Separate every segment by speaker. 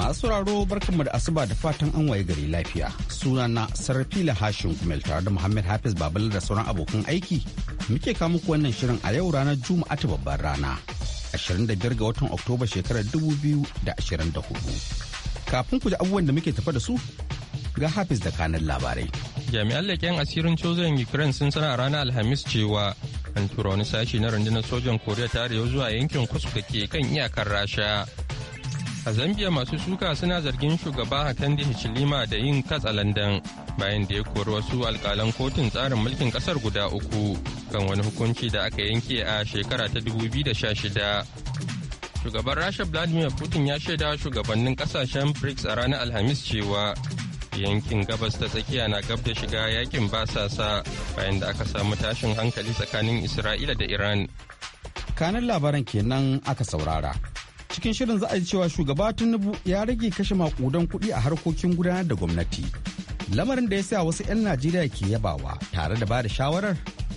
Speaker 1: Masu sauraro barkanmu da asuba da fatan an waye gari lafiya. Sunana Sarfila Hashin Kumel tare da Muhammad Hafiz Babal da sauran abokan aiki. Muke kawo muku wannan shirin a yau ranar Juma'a ta babbar rana. 25 ga watan Oktoba shekarar 2024. Kafin ku ji abubuwan da muke tafa da su ga Hafiz da kanan labarai.
Speaker 2: Jami'an leƙen asirin cozon Ukraine sun sanar a ranar Alhamis cewa an tura wani sashi na rundunar sojan Koriya ta Arewa zuwa yankin Kusk da ke kan iyakar Rasha. A Zambia masu suka suna zargin shugaba Hakande Hichilima da yin katsalandan bayan da ya kori wasu alkalan kotun tsarin mulkin kasar guda uku kan wani hukunci da aka yanke a shekara ta 2016. Shugaban Rasha Vladimir Putin ya shaida shugabannin kasashen BRICS a ranar Alhamis cewa yankin gabas ta tsakiya na gab da shiga yakin basasa bayan da aka samu tashin hankali tsakanin Isra'ila da Iran.
Speaker 1: kanan labaran kenan aka saurara. cikin shirin za a ji cewa shugaba Tunubu ya rage kashe makudan kuɗi a harkokin gudanar da gwamnati lamarin da ya sa wasu 'yan najeriya ke yabawa tare da ba da shawarar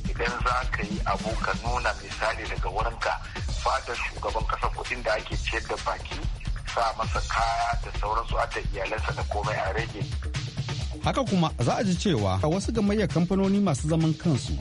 Speaker 3: idan za ka yi abu ka nuna misali daga wurinka fadar shugaban kasa kuɗin da ake ciyar da baki sa masa kaya da sauransu a iyalansa da komai a
Speaker 4: rage
Speaker 1: haka kuma za a ji cewa a wasu gamayyar kamfanoni masu zaman kansu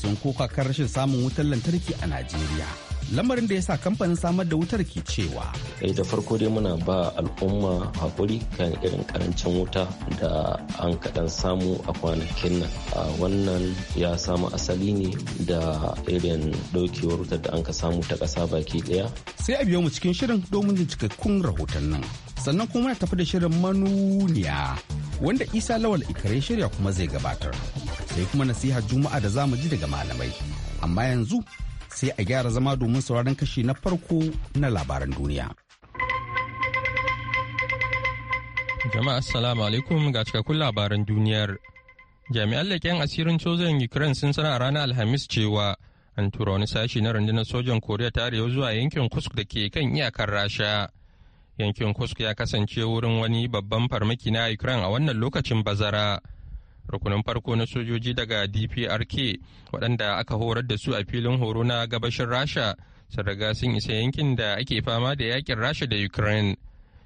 Speaker 1: sun koka kan rashin samun wutar lantarki a najeriya lamarin da ya sa kamfanin samar da wutar ke cewa.
Speaker 5: Eh da farko dai muna ba al'umma hakuri kan irin karancin wuta da an kaɗan samu a kwanakin nan. Wannan ya samu asali ne da irin ɗaukewar wutar da an ka samu ta ƙasa baki ɗaya.
Speaker 1: Sai a biyo mu cikin shirin domin jin cikakkun rahoton nan. Sannan kuma na tafi da shirin manuniya wanda Isa Lawal Ikare shirya kuma zai gabatar. Sai kuma nasiha Juma'a da zamu ji daga malamai. Amma yanzu sai a gyara zama domin sauraron kashi na farko na labaran duniya.
Speaker 2: Jama'a Assalamu alaikum ga cikakkun labaran duniyar. Jami'an leƙen asirin sojan Ukraine sun sanar a ranar Alhamis cewa an tura wani sashi na rundunar sojan Koriya ta Arewa zuwa yankin Kusk da ke kan iyakar Rasha. Yankin Kusk ya kasance wurin wani babban farmaki na Ukraine a wannan lokacin bazara. rukunin farko na sojoji daga dprk waɗanda aka horar da su a filin horo na gabashin rasha sun riga sun isa yankin da ake fama da yakin rasha da ukraine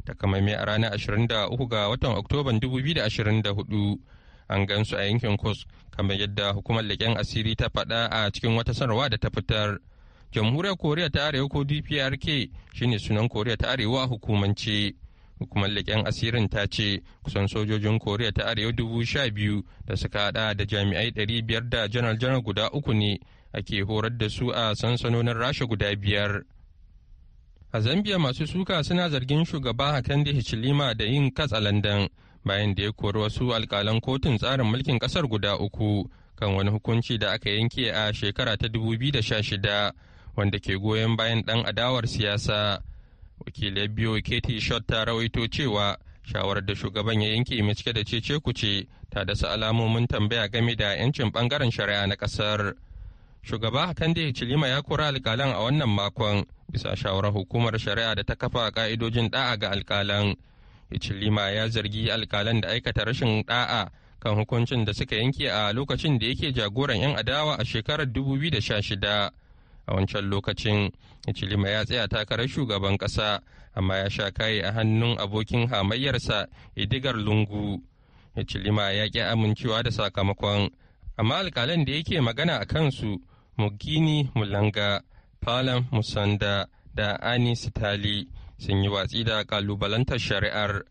Speaker 2: takamaimai a ranar 23 ga watan oktoban 2024 an gansu a yankin kos kamar yadda hukumar leƙen asiri ta faɗa a cikin wata sanarwa da ta fitar jamhuriyar koriya ta arewa ko dprk shine sunan koriya ta arewa a hukumance hukumar leƙen asirin ta ce kusan sojojin koriya ta arewa dubu sha biyu da suka hada da jami'ai ɗari biyar da janar janar guda uku ne ake horar da su a sansanonin rasha guda biyar a zambia masu suka suna zargin shugaba da hichilima da yin katsa katsalandan bayan da ya kori wasu alkalan kotun tsarin mulkin kasar guda uku kan wani hukunci da aka yanke a shekara ta 2016 wanda ke goyon bayan ɗan adawar siyasa wakilai biyo katie shot ta rawaito cewa shawarar da shugaban ya yanke mai cike da cece kuce ta dasa alamomin tambaya game da 'yancin bangaren shari'a na kasar shugaba hakan da cilima ya kura alkalan a wannan makon bisa shawarar hukumar shari'a da ta kafa ka'idojin da'a ga alkalan cilima ya zargi alkalan da aikata rashin da'a kan hukuncin da suka yanke a lokacin da yake jagoran 'yan adawa a shekarar 2016 a wancan lokacin chilima ya tsaya takarar shugaban kasa amma ya sha kaye a hannun abokin hamayyarsa idigar lungu chilima ya ƙi amincewa da sakamakon amma alkalan da yake magana a kansu mugini mulanga palam musanda da ani sitali sun yi watsi da kalubalantar shari'ar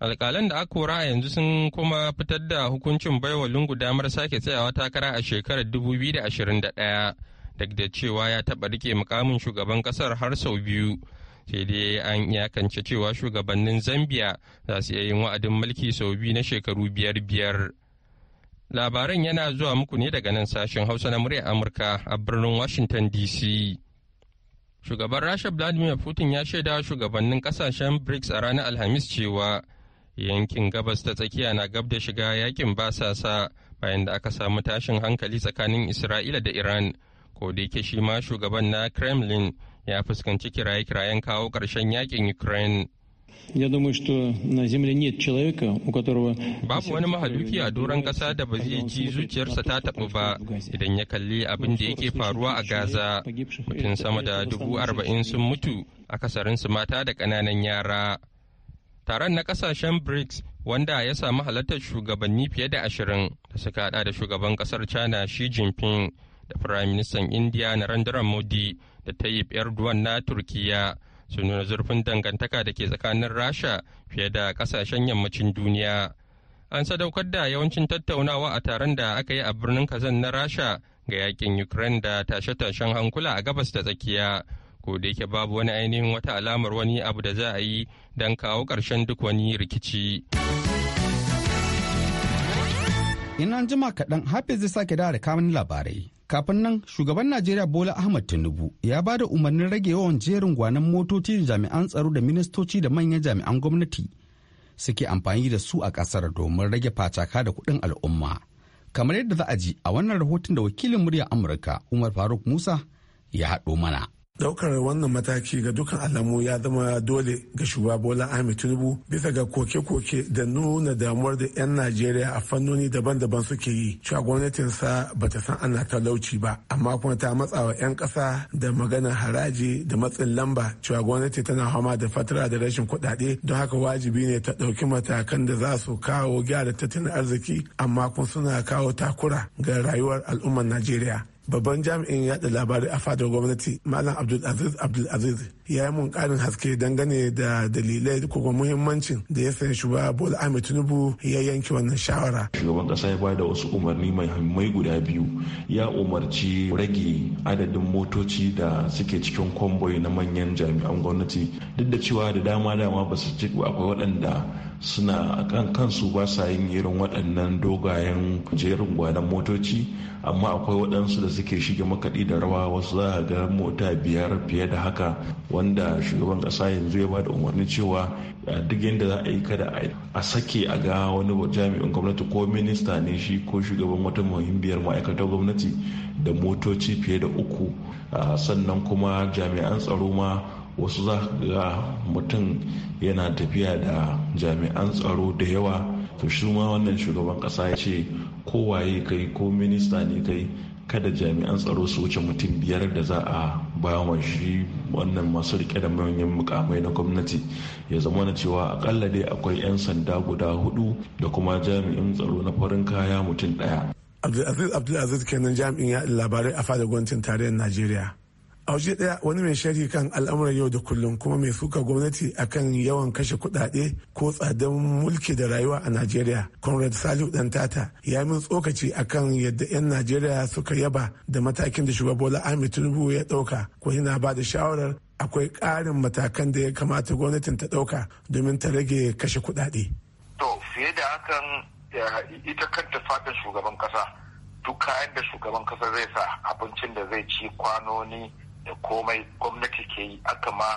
Speaker 2: alkalan da aka kora yanzu sun kuma fitar da hukuncin baiwa lungu damar sake tsayawa takara a shekarar 2021 duk da cewa ya taba rike mukamin shugaban ƙasar har sau biyu sai dai an iyakance cewa shugabannin zambia za su iya yin wa'adin mulki sau biyu na shekaru biyar biyar labaran yana zuwa muku ne daga nan sashen hausa na muryar amurka a birnin washington dc shugaban rasha vladimir putin ya shaida shugabannin kasashen brics a ranar alhamis cewa yankin gabas ta tsakiya na gab da shiga yakin basasa bayan da aka samu tashin hankali tsakanin isra'ila da iran kodayake shi ma shugaban na kremlin ya fuskanci kiraye-kirayen kawo karshen yakin ukraine Babu wani mahaluki a doron ƙasa da ba zai ji zuciyarsa ta taɓu ba idan ya kalli abinda da yake faruwa a Gaza. Mutum sama da dubu arba'in sun mutu, akasarinsu mata da ƙananan yara. Taron na ƙasashen BRICS wanda ya sami halartar shugabanni fiye da ashirin da suka haɗa da shugaban ƙasar China Xi Jinping da Firaministan Indiya Narendra Modi da Tayyip Erdogan na turkiya su nuna zurfin dangantaka da ke tsakanin Rasha fiye da kasashen yammacin duniya. An sadaukar da yawancin tattaunawa a taron da aka yi a birnin Kazan na Rasha ga yakin Ukraine da tashe-tashen hankula a gabas da tsakiya. Ko da yake babu wani ainihin wata alamar wani abu da za a yi don kawo ƙarshen duk wani rikici.
Speaker 1: in an jima kaɗan hafiz zai sake dawo da kamun labarai kafin nan shugaban najeriya bola ahmad tinubu ya ba da umarnin rage yawan jerin gwanan motoci da jami'an tsaro da ministoci da manyan jami'an gwamnati suke amfani da su a ƙasar domin rage facaka da kuɗin al'umma kamar yadda za a ji a wannan rahoton da wakilin murya amurka umar faruk musa ya haɗo mana
Speaker 6: daukar wannan mataki ga dukkan alamu ya zama dole ga shugaba bola ahmed tinubu bisa ga koke-koke da nuna damuwar da 'yan najeriya a fannoni daban-daban suke yi cewa gwamnatinsa ba ta san ana talauci ba amma kuma ta matsawa 'yan ƙasa da maganar haraji da matsin lamba cewa gwamnati tana fama da fatara da rashin kuɗaɗe don haka wajibi ne ta ɗauki matakan da za su kawo gyara tattalin arziki amma kuma suna kawo takura ga rayuwar al'ummar najeriya babban jami'in yaɗa labarai a fadar gwamnati malam abdul aziz abdul aziz ya yi mun karin haske dangane da dalilai kuma muhimmancin da ya sanya shugaba bola ahmed
Speaker 7: tinubu ya yanke wannan shawara shugaban kasa ya bada wasu umarni mai guda biyu ya umarci rage adadin motoci da suke cikin kwamboy na manyan jami'an gwamnati duk da cewa da dama dama ba su ci akwai waɗanda suna kan kansu ba sa yin irin waɗannan dogayen jerin gwanon motoci amma akwai waɗansu da suke shige makaɗi da rawa wasu za a ga mota biyar fiye da haka wanda shugaban kasa yanzu ya ba da umarni cewa duk yadda za a yi kada a sake a ga wani jami'in gwamnati ko minista ne shi ko shugaban wata muhimmiyar ma'aikatar gwamnati da motoci fiye da uku sannan kuma jami'an tsaro ma wasu za ga mutum yana tafiya da jami'an tsaro da yawa to shi ma wannan shugaban kasa ya ce kowaye kai ko minista ne kai kada jami'an tsaro su wuce mutum biyar da za a bawa shi wannan masu rike da manyan mukamai na gwamnati ya zama na cewa akalla dai akwai 'yan sanda guda hudu da kuma jami'in tsaro na farin kaya mutum daya
Speaker 6: abdulaziz kenan jami'in labarai a fadar gwamnatin tarayyar najeriya a waje daya wani mai shari kan al'amuran yau da kullum kuma mai suka gwamnati akan yawan kashe kudade ko tsadan mulki da rayuwa a najeriya conrad salihu dan tata ya min tsokaci akan yadda 'yan najeriya suka yaba da matakin da shugaba bola ahmed tinubu ya dauka ko yana ba da shawarar akwai ƙarin matakan da ya kamata gwamnatin ta dauka domin ta rage kashe kudade.
Speaker 8: to fiye
Speaker 3: da hakan eh, ita kanta fatan shugaban kasa duk kayan da shugaban kasa zai sa abincin da zai ci kwanoni da komai gwamnati ke yi aka ma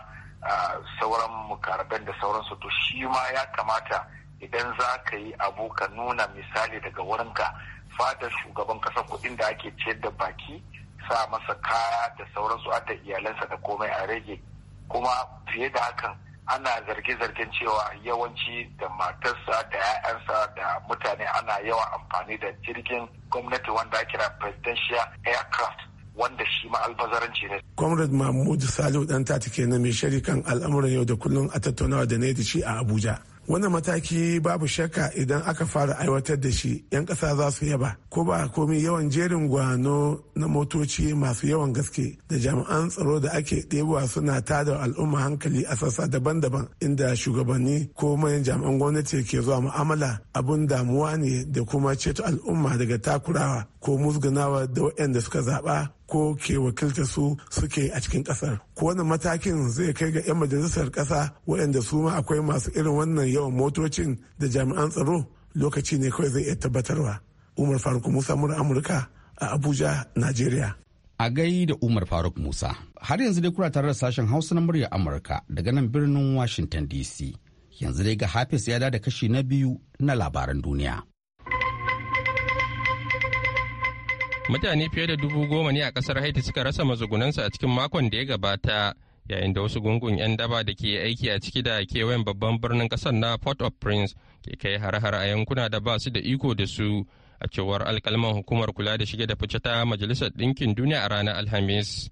Speaker 3: sauran mukarabin da sauransu to shi ma ya kamata idan za ka yi abu ka nuna misali daga wurinka fadar shugaban kasa kuɗin da ake ciyar da baki sa masa kaya da sauransu da iyalansa da komai a rage kuma fiye da hakan ana zarge-zargen cewa yawanci da matarsa da 'ya'yansa da mutane ana yawan amfani da jirgin gwamnati wanda kira presidential aircraft wanda shi ma albazaranci ne.
Speaker 6: Comrade Mahmud Salihu dan tati kenan mai shirikan al'amuran yau da kullum a tattaunawa da ne da shi a Abuja. Wannan mataki babu shakka idan aka fara aiwatar da shi 'yan ƙasa za su yaba ko ba komai yawan jerin gwano na motoci masu yawan gaske da jami'an tsaro da ake ɗebowa suna tada al'umma hankali a sassa daban-daban inda shugabanni ko manyan jami'an gwamnati ke zuwa mu'amala abun damuwa ne da kuma ceto al'umma daga takurawa ko musgunawa da waɗanda suka zaɓa ko ke wakilta su suke a cikin kasar ko Wani matakin zai kai ga 'yan majalisar kasa waɗanda su ma akwai masu irin wannan yawan motocin da jami'an tsaro lokaci ne kawai zai iya tabbatarwa umar faruk musa mura amurka a abuja nigeria
Speaker 1: a gai da umar faruk musa
Speaker 6: har yanzu dai kuna tare da sashen
Speaker 1: hausa na murya amurka daga nan birnin washington dc yanzu dai ga hafiz ya da kashi na biyu na labaran duniya
Speaker 2: mutane fiye da dubu goma ne a kasar haiti suka rasa su a cikin makon da ya gabata yayin da wasu gungun 'yan daba da ke aiki a ciki da kewayen babban birnin kasar na port of prince ke kai har-har a yankuna da ba su da iko da su a cewar alkalman hukumar kula da shige da fice ta majalisar ɗinkin duniya a ranar alhamis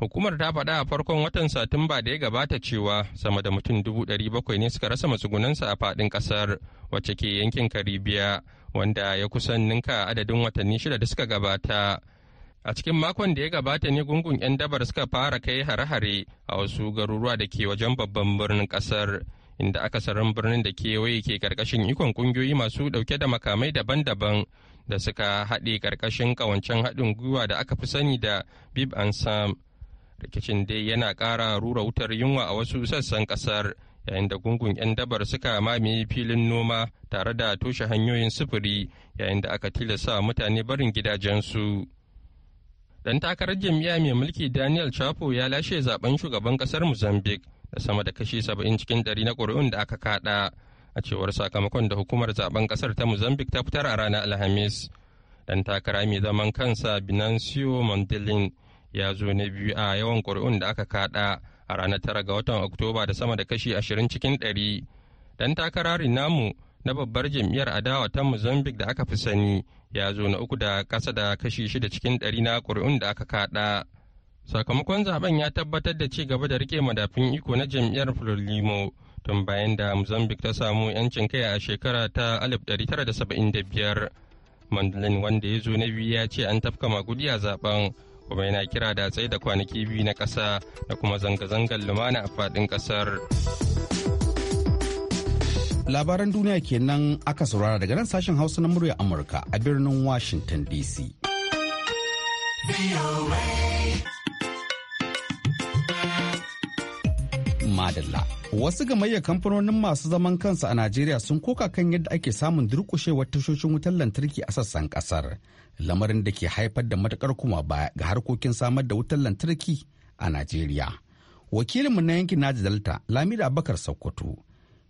Speaker 2: Hukumar ta faɗa a farkon watan Satumba da ya gabata cewa sama da mutum dubu ɗari ne suka rasa matsugunansa a faɗin ƙasar wacce ke yankin Karibiya wanda ya kusan ninka adadin watanni shida da suka gabata. A cikin makon da ya gabata ne gungun 'yan dabar suka fara kai hare-hare a wasu garuruwa da ke wajen babban birnin ƙasar inda aka sarin birnin da kewaye ke karkashin ikon ƙungiyoyi masu ɗauke da makamai daban-daban da suka haɗe karkashin ƙawancen haɗin gwiwa da aka fi sani da Bib and Sam. rikicin dai yana ƙara rura wutar yunwa a wasu sassan ƙasar yayin da gungun 'yan dabar suka mamaye filin noma tare da toshe hanyoyin sufuri yayin da aka tilasta mutane barin gidajensu. ɗan takarar jami'a mai mulki Daniel Chapo ya lashe zaben shugaban ƙasar Mozambique da sama da kashi 70 cikin ɗari na ƙuri'un da aka kaɗa a cewar sakamakon da hukumar zaben ƙasar ta Mozambique ta fitar a ranar Alhamis. Dan takara mai zaman kansa Binancio Mondelin ya zo na biyu a yawan ƙuri'un da aka kaɗa a ranar tara ga watan oktoba da sama da kashi ashirin cikin ɗari dan takarari namu na babbar jam'iyyar adawa ta mozambique da aka fi sani ya zo na uku da kasa da kashi shida cikin ɗari na ƙuri'un da aka kaɗa. sakamakon zaben ya tabbatar da ci gaba da rike madafin iko na jam'iyyar frelimo tun bayan da mozambique ta samu 'yancin kai a shekara ta 1975 mandolin wanda ya zo na biyu ya ce an tafka magudi a zaben kuma yana kira da tsaye da kwanaki biyu na ƙasa da kuma zanga-zangar lumana a faɗin ƙasar.
Speaker 1: Labaran duniya kenan aka saurara daga nan sashen Hausa na murya Amurka a birnin Washington DC. madalla. Wasu gamayya kamfanonin masu zaman kansu a Najeriya sun koka kan yadda ake samun durƙushewar tashoshin wutar lantarki a sassan ƙasar. Lamarin da ke haifar da matakar kuma baya ga harkokin samar da wutar lantarki a Najeriya. Wakilinmu na yankin Naji Delta, Lamida Abakar Sokoto,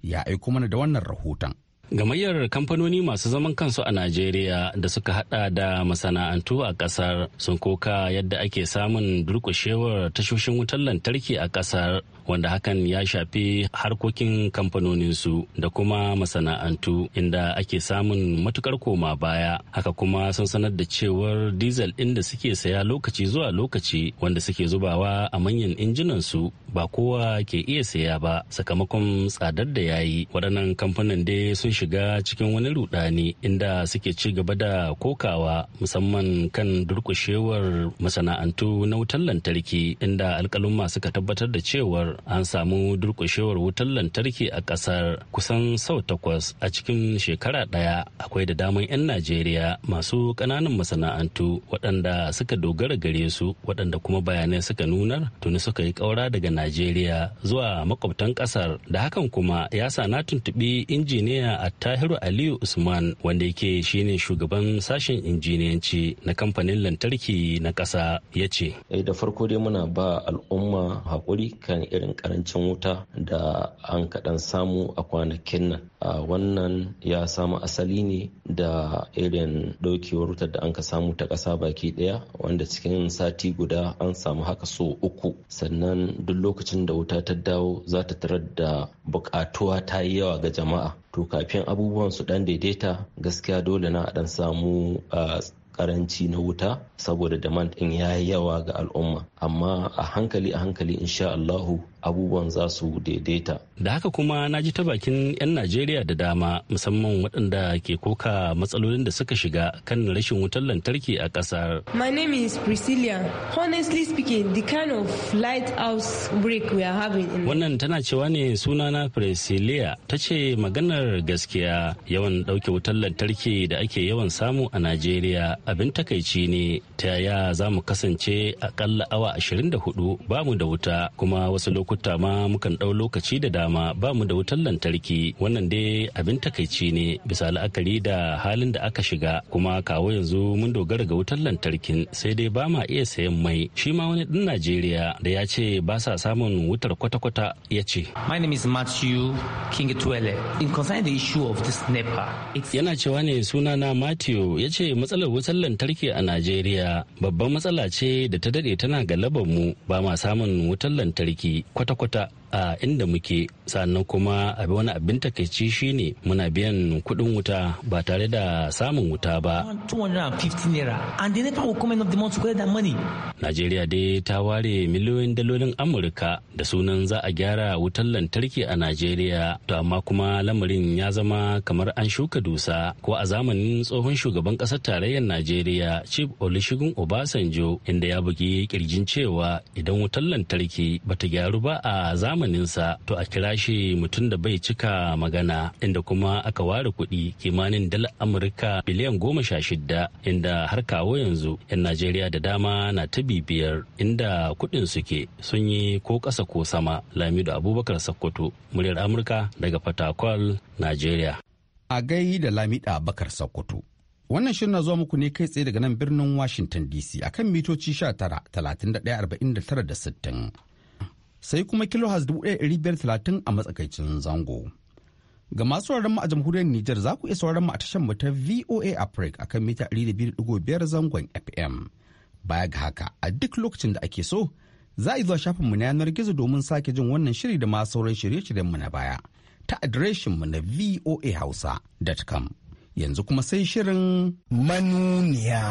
Speaker 1: ya aiko mana da wannan rahoton
Speaker 5: Gamayyar kamfanoni masu zaman kansu a Najeriya da suka hada da masana'antu a kasar sun koka yadda ake samun durkushewar tashoshin wutar lantarki a kasar wanda hakan ya shafi harkokin kamfanoninsu da kuma masana'antu inda ake samun matukar koma baya haka kuma sun sanar da cewar diesel ɗin da suke saya lokaci zuwa lokaci wanda suke zubawa a manyan injinansu ba kowa ke iya saya ba sakamakon tsadar da yayi waɗannan kamfanin dai sun shiga cikin wani rudani inda suke ci gaba da kokawa musamman kan durkushewar masana'antu na wutar lantarki inda alkalumma suka tabbatar da cewar an samu durkushewar wutar lantarki a kasar kusan sau takwas a cikin shekara daya akwai da daman 'yan najeriya masu kananan masana'antu waɗanda suka dogara gare su waɗanda kuma bayanai suka nunar tuni suka yi ƙaura daga najeriya zuwa makwabtan ƙasar da hakan kuma ya sa na tuntuɓi injiniya a tahiru aliyu usman wanda yake shine shugaban sashen injiniyanci na kamfanin lantarki na ƙasa ya ce eh, da farko dai muna ba al'umma haƙuri kan irin ƙarancin wuta da an kaɗan samu a kwanakin nan a wannan ya samu asali ne da irin ɗaukewar wutar da an ka samu ta ƙasa baki ɗaya wanda cikin sati guda an samu haka so uku sannan duk lokacin da wuta ta dawo za ta tarar da buƙatuwa ta yi yawa ga jama'a to kafin abubuwan su dan daidaita gaskiya dole na a dan samu karanci ah, na wuta saboda demand ɗin ya yi yawa ga al'umma amma a hankali a hankali insha Allahu abubuwan za su daidaita. Da haka kuma na ji ta bakin 'yan Najeriya da dama musamman waɗanda ke koka matsalolin da suka shiga kan rashin wutar lantarki a ƙasar. My name
Speaker 9: is Priscilla. Honestly speaking, the kind of lighthouse break we are having.
Speaker 5: in Wannan tana cewa ne sunana Priscilla ta ce maganar gaskiya yawan ɗauke wutar lantarki da ake yawan samu a Najeriya abin takaici ne ta yaya za mu kasance akalla awa 24 bamu da wuta kuma wasu lokuta lokuta ma mukan ɗau lokaci da dama ba mu da wutar lantarki wannan dai abin takaici ne bisa la'akari da halin da aka shiga kuma kawo yanzu mun dogara ga wutar lantarkin sai dai ba ma iya sayan mai shi ma wani ɗin najeriya da ya ce ba sa samun wutar kwata-kwata ya ce my name is matthew king twele in concern the issue of this nepa yana cewa ne sunana matthew ya ce matsalar wutar lantarki a najeriya babban matsala ce da ta daɗe tana galabar mu ba ma samun wutar lantarki kwata-kwata a inda muke sannan kuma wani abin takaici shine muna biyan kuɗin wuta ba tare da samun wuta ba. Najeriya dai ta ware miliyoyin dalolin Amurka da sunan za a gyara wutar lantarki a Najeriya to amma kuma lamarin ya zama kamar an shuka dusa ko a zamanin tsohon shugaban ƙasar tarayyar Najeriya Chief Olusegun Obasanjo inda ya bugi kirjin cewa idan wutar lantarki bata gyaru ba a zamanin zamaninsa to a kira shi mutum da bai cika magana inda kuma aka ware kuɗi kimanin dalar amurka biliyan goma sha shida inda har kawo yanzu 'yan najeriya da dama na ta bibiyar inda kuɗin suke sun yi ko ƙasa ko sama lamido abubakar sakkwato muryar amurka daga fatakwal najeriya a gai da lamida bakar sakkwato
Speaker 1: Wannan shirin na zuwa muku ne kai tsaye daga nan birnin Washington DC akan mitoci 19, 31, talatin da 60. sai kuma dubu ɗaya biyar talatin a matsakaicin zango. Ga masu sauraron mu a jamhuriyar Nijar za ku iya sauraron mu a tashar mu ta VOA Africa akan mita ɗigo biyar zangon FM. Baya ga haka a duk lokacin da ake so za a zuwa shafin mu na yanar gizo domin sake jin wannan shiri da masu sauran shirye-shiryen mu na baya ta adireshin mu na voahausa.com. Yanzu kuma sai shirin manuniya.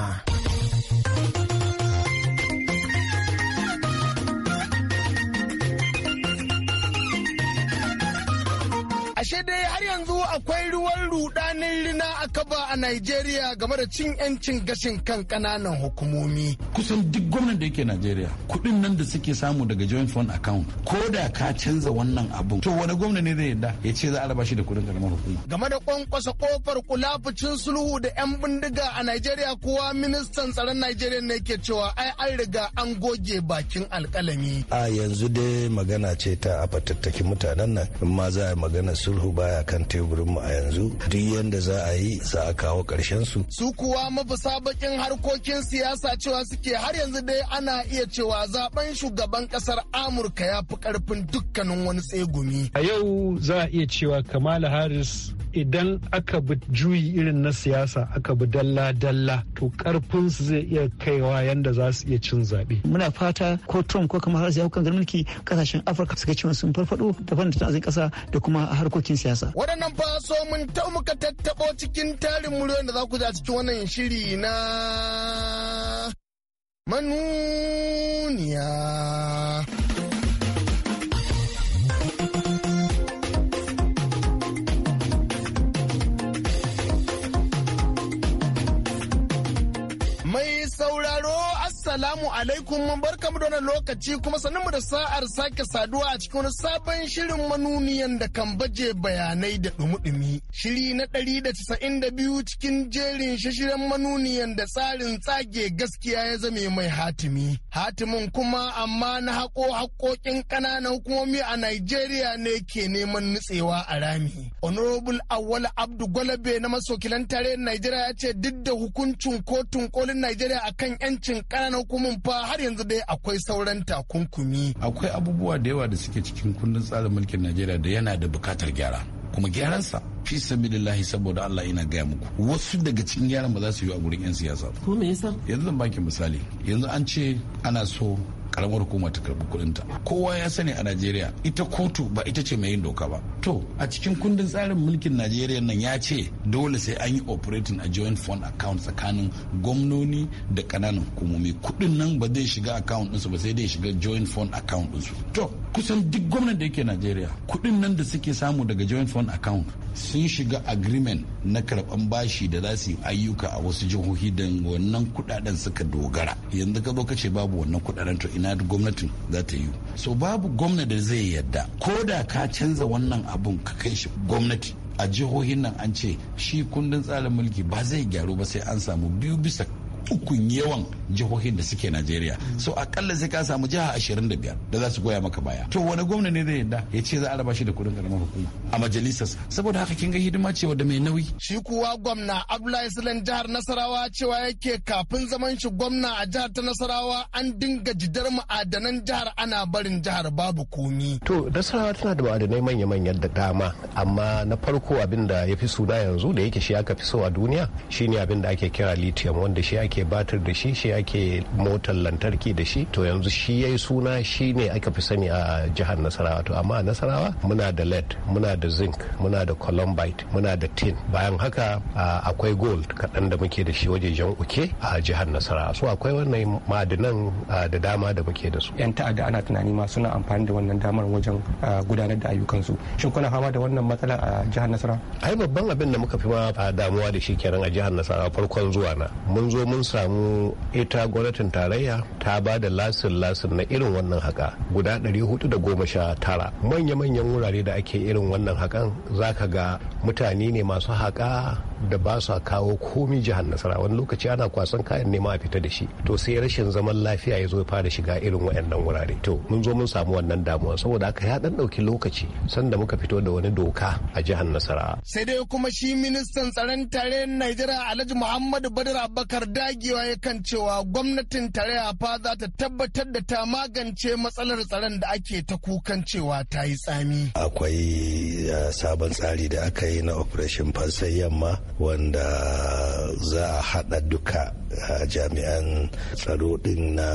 Speaker 10: ƙarshe dai har yanzu akwai ruwan rudanin rina a kaba a Najeriya game da cin 'yancin gashin kan ƙananan hukumomi.
Speaker 3: Kusan duk gwamnan da yake Najeriya kuɗin nan da suke samu daga joint fund account ko da ka
Speaker 10: canza wannan abun to wani gwamna ne zai yadda ya ce za a raba shi da kuɗin karamar hukuma. Game da kwankwasa kofar kula sulhu da 'yan bindiga a Najeriya kowa ministan tsaron Najeriya ne ke cewa ai an riga an goge bakin alkalami.
Speaker 8: A yanzu dai magana ce ta a fatattakin mutanen nan in ma za a magana sulhu sulhu baya kan teburin mu a yanzu duk yanda za a yi za a kawo ƙarshen su su
Speaker 10: kuwa mafisa bakin harkokin siyasa cewa suke har yanzu dai ana iya cewa zaben shugaban kasar amurka ya fi ƙarfin dukkanin
Speaker 4: wani tsegumi a yau za a iya cewa kamala harris idan aka bi juyi irin na siyasa aka bi dalla-dalla to su zai iya kaiwa yanda za su iya cin zaɓe.
Speaker 9: muna fata ko trump ko kamar harsu ya hukan garmanki kasashen afirka suka ci sun farfado daban da tanazin ƙasa da kuma harkokin harkokin siyasa.
Speaker 10: Waɗannan fa so mun tau muka tattaɓo cikin tarin muryoyin da za ku ji a cikin wannan shiri na manu alaikum mun bar da wannan lokaci kuma sanin mu da sa'ar sake saduwa a cikin wani sabon shirin manuniyan da kan baje bayanai da dumi Shiri na ɗari da casa'in da biyu cikin jerin shishiran manuniyan da tsarin tsage gaskiya ya zame mai hatimi. Hatimin kuma amma na haƙo hakokin ƙananan hukumomi a Najeriya ne ke neman nutsewa a rami. Honorable Awal Abdu Gwalabe na masokilan tarayyar Najeriya ya ce duk da hukuncin kotun kolin Najeriya akan 'yancin ƙananan hukumomi fa har yanzu dai akwai sauran takunkumi
Speaker 3: akwai abubuwa da yawa da suke cikin kundin tsarin mulkin najeriya da yana da bukatar gyara kuma gyaransa fi sabilillahi saboda Allah ina gaya muku wasu daga cikin gyaran ba za su yi a gurin yan siyasa ko me yasa yanzu zan baki misali yanzu an ce ana so karamar hukumar ta karbi ta kowa ya sani a najeriya ita kotu ba ita ce mai yin doka ba to a cikin kundin tsarin mulkin najeriya nan ya ce dole sai an yi operating a joint fund account tsakanin gwamnoni da kananan hukumomi kudin nan ba zai shiga account ɗinsu ba sai dai shiga joint fund account ɗinsu to kusan duk gwamnan da yake najeriya kudin nan da suke samu daga joint fund account sun shiga agreement na karban bashi da za su yi ayyuka a wasu jihohi da wannan kudaden suka dogara yanzu ka zo ka ce babu wannan kudaden to ina gwamnatin za ta yi so babu gwamna da zai yadda ko da ka canza wannan abun ka kai shi gwamnati a jihohin nan an ce shi kundin tsarin mulki ba zai gyaru ba sai an samu biyu bisa ukun yawan jihohin da suke Najeriya. So akalla sai ka samu jiha 25 da za su goya maka baya. To wani gwamna ne da yadda ya ce za a raba shi da kudin karamar hukuma a majalisar saboda haka kin ga hidima ce wadda mai nauyi.
Speaker 10: Shi kuwa gwamna Abdullahi Sulan jihar Nasarawa cewa yake kafin zaman shi gwamna a jihar ta Nasarawa an dinga jidar ma'adanan jihar ana barin jihar babu komi. To
Speaker 11: Nasarawa tana da ma'adanai manya manyan da dama amma na farko abin da ya fi suna yanzu da yake shi aka fi so a duniya shine abin da ake kira lithium wanda shi ake batir da shi shi ake motar lantarki da shi to yanzu shi yi suna shi ne aka fi sani a jihar nasarawa to amma a nasarawa muna da lead muna da zinc muna da columbite muna da tin bayan haka akwai gold kaɗan da muke da shi jan uke a jihar nasarawa so akwai wannan ma'adinan da dama da muke da su yan ta'adda ana tunani ma suna amfani da wannan damar wajen gudanar da ayyukansu shin kuna fama da wannan matsala a jihar nasarawa ai babban abin da muka fi ma damuwa da shi kenan a jihar nasarawa farkon zuwa na mun zo mun mun samu ita gwamnatin tarayya ta ba da lasin lasin na irin wannan haka guda 419 manya-manyan wurare da ake irin wannan hakan za ka ga mutane ne masu haka da ba sa kawo komi jihar nasara wani lokaci ana kwasan kayan nema a fita da shi to sai rashin zaman lafiya ya zo ya fara shiga irin wayannan wurare to mun zo mun samu wannan damuwa saboda aka ya dan dauki lokaci sanda muka fito da wani doka a jihar nasara
Speaker 10: sai dai kuma shi ministan tsaron tare Najeriya Alhaji Muhammadu Badar Abubakar dagewa ya cewa gwamnatin tarayya fa za ta tabbatar da ta magance matsalar tsaron da ake ta kukan cewa ta yi tsami
Speaker 8: akwai eh, sabon tsari da aka yi na operation fansai yamma wanda za a haɗa duka a jami'an tsaro ɗin na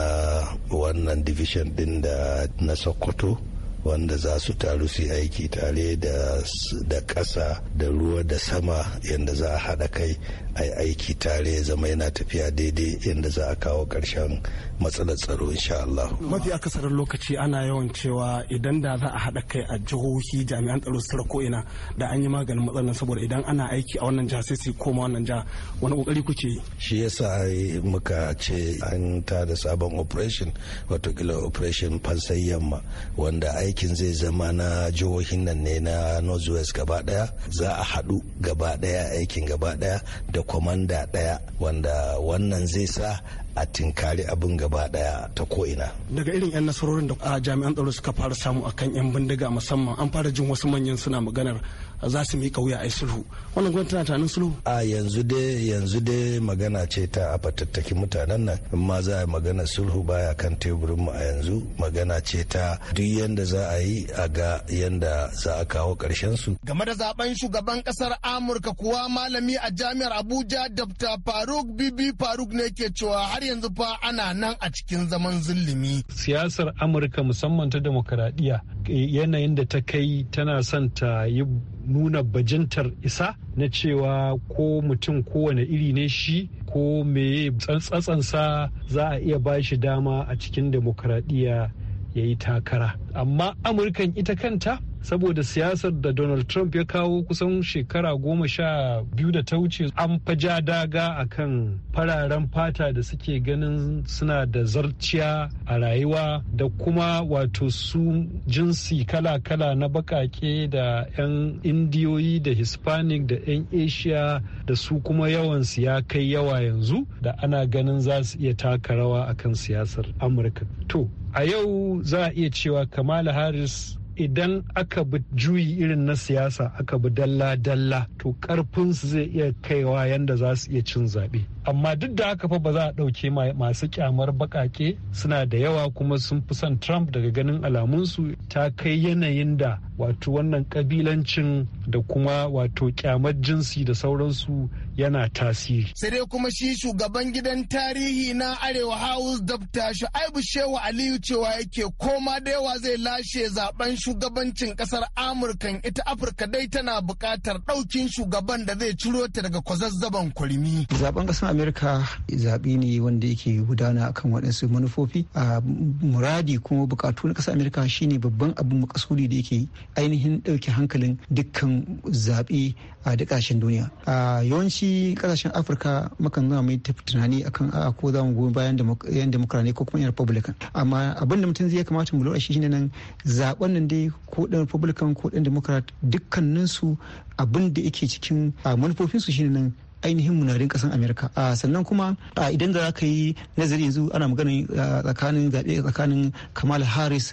Speaker 8: wannan division ɗin da na sokoto wanda za su taru su aiki tare da ƙasa da ruwa da sama yadda za a haɗa kai a aiki tare zama yana tafiya daidai yadda za a kawo ƙarshen matsalar tsaro insha Allah.
Speaker 10: Mafi akasarin lokaci ana yawan cewa idan da za a haɗa kai a jihohi jami'an tsaro su ko ina da an yi maganin matsalar saboda idan ana aiki a wannan jiha sai su koma wannan jiha wani kokari kuke yi.
Speaker 8: Shi yasa muka ce an tada sabon operation wato kila operation fansai yamma wanda aiki aikin zai zama na jihohin nan ne na northwest gaba daya za a haɗu gaba daya aikin gaba daya da kwamanda daya wanda wannan zai sa a tinkari abin gaba daya ta ko'ina.
Speaker 10: Daga irin 'yan nasarorin da ah, jami'an tsaro suka fara samu akan 'yan bindiga musamman an fara jin wasu manyan suna maganar za su mika wuya a sulhu wannan gwamnati tana tunanin sulhu
Speaker 8: a yanzu dai yanzu dai magana ce ta a fatattaki mutanen nan in ma za a magana sulhu baya kan teburin mu a yanzu magana ce ta duk yanda za a yi a ga yanda za a kawo karshen su
Speaker 10: game da zaben shugaban kasar Amurka kuwa malami a jami'ar Abuja Dr. Faruk Bibi Faruk ne ke cewa har yanzu fa ana nan
Speaker 4: a cikin zaman zulumi siyasar Amurka musamman ta demokradiyya yanayin da ta kai tana son ta yi nuna bajintar isa na cewa ko mutum kowane iri ne shi ko meye tsantsansa za a iya ba shi dama a cikin demokradiyya ya yi takara amma amurkan ita kanta saboda siyasar da donald trump ya kawo kusan shekara goma sha biyu da ta wuce an ja daga a kan fararen fata da suke ganin suna da zarciya a rayuwa da kuma wato su jinsi kala-kala na bakake da 'yan indiyoyi da hispanic da 'yan asia da su kuma yawansu ya kai yawa yanzu da ana ganin za su iya taka rawa akan siyasar amurka to a yau za a iya cewa kamala harris idan aka bi juyi irin na siyasa aka bi dalla-dalla to karfinsu zai iya kaiwa yadda za su iya cin zaɓe amma duk da haka fa ba za a ɗauke masu kyamar baƙaƙe suna da yawa kuma sun fi son trump daga ganin alamunsu ta kai yanayin da wato wannan ƙabilancin da kuma wato kyamar jinsi da sauransu yana tasiri.
Speaker 10: Sai dai kuma shi shugaban gidan tarihi na Arewa House Dr. Shu'aibu Shehu Aliyu cewa yake koma da yawa zai lashe zaben shugabancin kasar Amurka ita Afirka dai tana buƙatar ɗaukin shugaban da zai ciro ta daga kwazazzaban kurmi. Zaben
Speaker 9: kasar Amerika zaɓe ne wanda yake gudana akan waɗansu manufofi a muradi kuma buƙatu na kasar Amerika shine babban abin makasudi da yake ainihin ɗauke hankalin dukkan zaɓe a duk ƙasashen duniya a yawanci ƙasashen afirka mukan nuna mai tunani akan a ko za mu goyi bayan yan democrat ne ko kuma yan republican amma abin da mutum zai kamata mu lura shi shine nan zaben nan dai ko ɗan republican ko dan democrat dukkaninsu abin da yake cikin manufofinsu shine nan ainihin munarin kasan amerika ah, sannan kuma ah, idan da za yi nazari yanzu ana magana ah, tsakanin zaɓe tsakanin kamal harris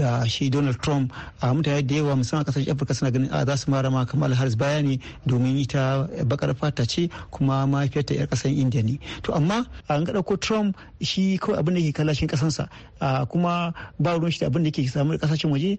Speaker 9: da shi donald trump mutane da yawa musamman kasashen afirka suna ganin a za su mara ma kamal harris baya ne domin ita bakar fata ce kuma mahaifiyarta yar kasan indiya ne to amma a ga ko trump shi kawai abin da ke kalashin kasansa kuma ba ruwan shi da abin da ke samu kasashen waje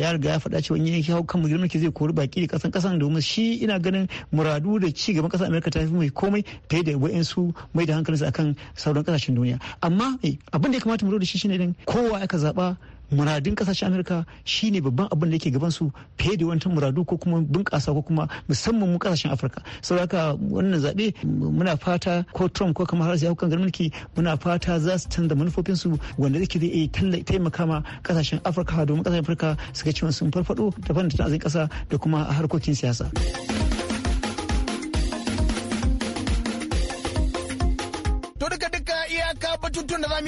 Speaker 9: ya riga ya faɗa cewa in ya hau kan mu girma ke zai kori baki da kasan kasan domin shi ina ganin muradu da ci gaban kasan amerika Ka tafi mai komai fiye da wa'insu mai da hankalinsu akan sauran kasashen duniya amma eh, abin da ya kamata mu da shi shine kowa aka zaba muradun kasashen amurka shine babban abin da yake gaban su fiye da wancan muradu ko kuma bunƙasa ko kuma musamman mu kasashen afirka saboda haka wannan zaɓe muna fata ko trump ko kamar harsu hukan mulki muna fata za su canza manufofin su wanda zai zai taimaka ma kasashen afirka domin kasashen afirka ga cewa sun farfado da fannin tattalin ƙasa da kuma harkokin siyasa.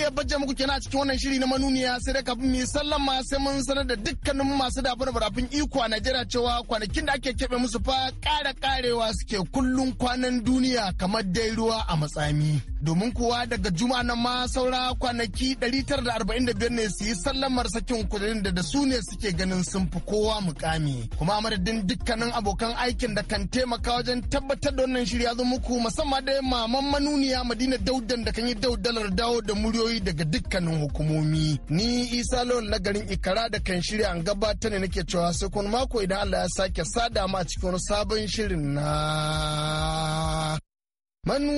Speaker 10: iya bajja muku kenan a cikin wannan shiri na manuniya sai da kafin mu sallama sai mun sanar da dukkanin masu dabar barafin iko a Najeriya cewa kwanakin da ake keɓe musu fa ƙara ƙarewa suke kullun kwanan duniya kamar dai ruwa a matsami. domin kuwa daga juma na ma saura kwanaki 945 ne su yi sallamar sakin kudin da da su ne suke ganin sun fi kowa mukami kuma madadin dukkanin abokan aikin da kan taimaka wajen tabbatar da wannan shirya zo muku musamman da maman manuniya madina daudan da kan yi daudalar dawo da muryoyi daga dukkanin hukumomi ni isa lawal na garin ikara da kan shirya an gabata ne nake cewa sai kun mako idan allah ya sake sada mu a cikin sabon shirin na manu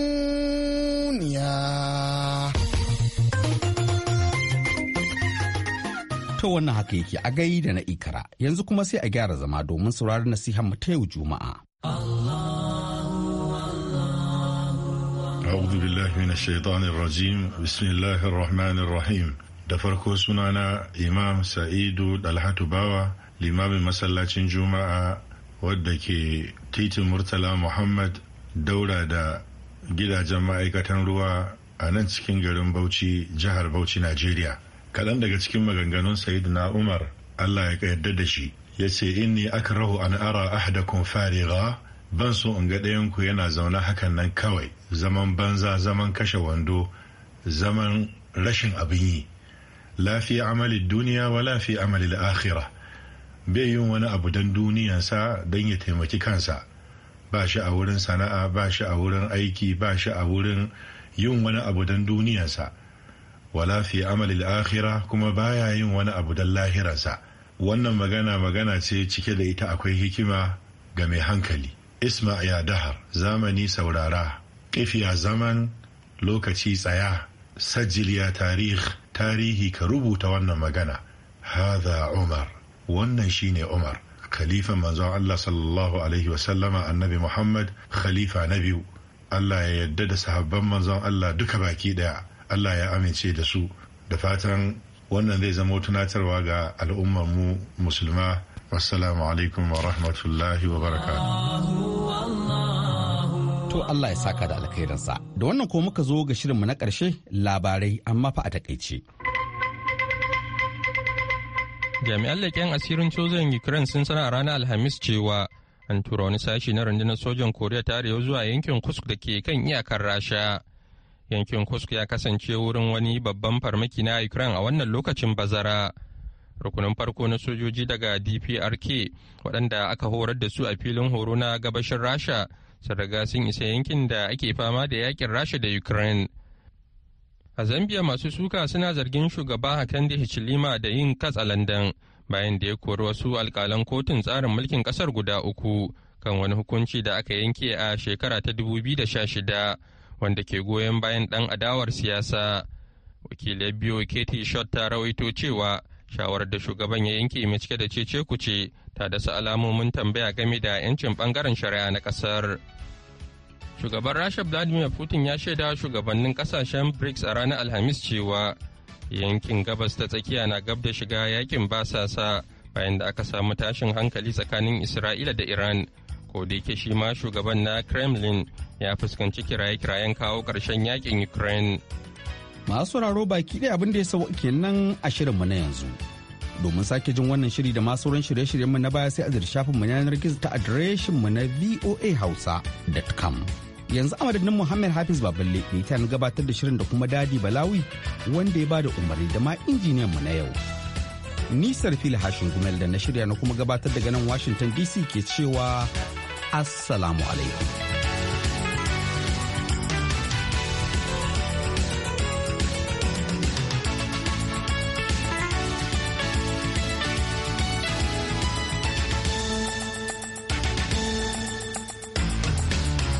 Speaker 1: wannan haka yake a gai da na ikara yanzu kuma sai a gyara zama domin saurari nasiha mu ta yau juma'a.
Speaker 12: أعوذ بالله من الشيطان الرجيم بسم الله da farko sunana imam sa'idu dalhatu bawa limamin masallacin juma'a wadda ke titin murtala muhammad daura da gidajen ma'aikatan ruwa a nan cikin garin bauchi jihar bauchi najeriya kaɗan daga cikin maganganun sayyidina umar allah ya yarda da shi ya ce inni akrahu an ara ahdakum fariga ban so in ga ɗayanku yana zaune hakan nan kawai zaman banza zaman kashe wando zaman rashin abin yi lafiya amali duniya wa lafiya amali akhira bai yin wani abu don duniyansa don ya taimaki kansa ba shi a wurin sana'a ba shi a wurin aiki ba shi a wurin yin wani abu don duniyansa wala fi amalil akhira kuma baya yin wani abu don lahirarsa wannan magana magana ce cike da ita akwai hikima ga mai hankali isma ya dahar zamani saurara kifiya zaman lokaci tsaya sajiliya tarih tarihi ka rubuta wannan magana hadha umar wannan shine umar khalifa manzon Allah sallallahu alaihi wasallama annabi Muhammad khalifa na biyu Allah ya yadda da sahabban manzon Allah duka baki daya Allah ya amince da su da fatan wannan zai zama tunatarwa ga al'ummar mu musulma wassalamu alaikum wa rahmatullahi wa baraka
Speaker 1: to Allah ya saka da alkhairinsa da wannan ko muka zo ga shirin mu na ƙarshe labarai amma fa a takaice
Speaker 2: jami'an leƙen asirin cozon ukraine sun sanar a ranar alhamis cewa an tura wani sashi na rundunar sojan koriya ta arewa zuwa yankin kusk da ke kan iyakar rasha yankin Kusk ya kasance wurin wani babban farmaki na Ukraine a wannan lokacin bazara. Rukunin farko na sojoji daga DPRK waɗanda aka horar da su a filin horo na gabashin Rasha sun riga sun isa yankin da ake fama da yakin Rasha da Ukraine. A Zambia masu suka suna zargin shugaba da Hichilima da yin katsalandan bayan da ya kori wasu alkalan kotun tsarin mulkin kasar guda uku kan wani hukunci da aka yanke a shekara ta 2016. wanda ke goyon bayan ɗan adawar siyasa wakilai biyu keti shot ta rawaito cewa shawarar da shugaban ya yanke mai cike da cece ce ta dasa alamomin tambaya game da 'yancin bangaren shari'a na kasar shugaban rasha vladimir putin ya shaida shugabannin kasashen brics a ranar alhamis cewa yankin gabas ta tsakiya na gab da shiga yakin basasa bayan da aka samu tashin hankali tsakanin isra'ila da iran ko da yake shi ma shugaban na kremlin ya fuskanci kiraye-kirayen kawo ƙarshen yakin Ukraine.
Speaker 1: Masu sauraro baki ɗaya abin da ya ke nan a shirinmu na yanzu. Domin sake jin wannan shiri da masu ran shirye-shiryenmu na baya sai a shafinmu na yanar gizo ta adireshinmu na voahausa.com. yanzu a madadin Muhammad Hafiz Baballe ne ta gabatar da shirin da kuma Dadi Balawi wanda ya bada umarni da ma injiniyan mu na yau. Ni fili hashin gumel da na shirya na kuma gabatar daga nan Washington DC ke cewa Assalamu alaikum.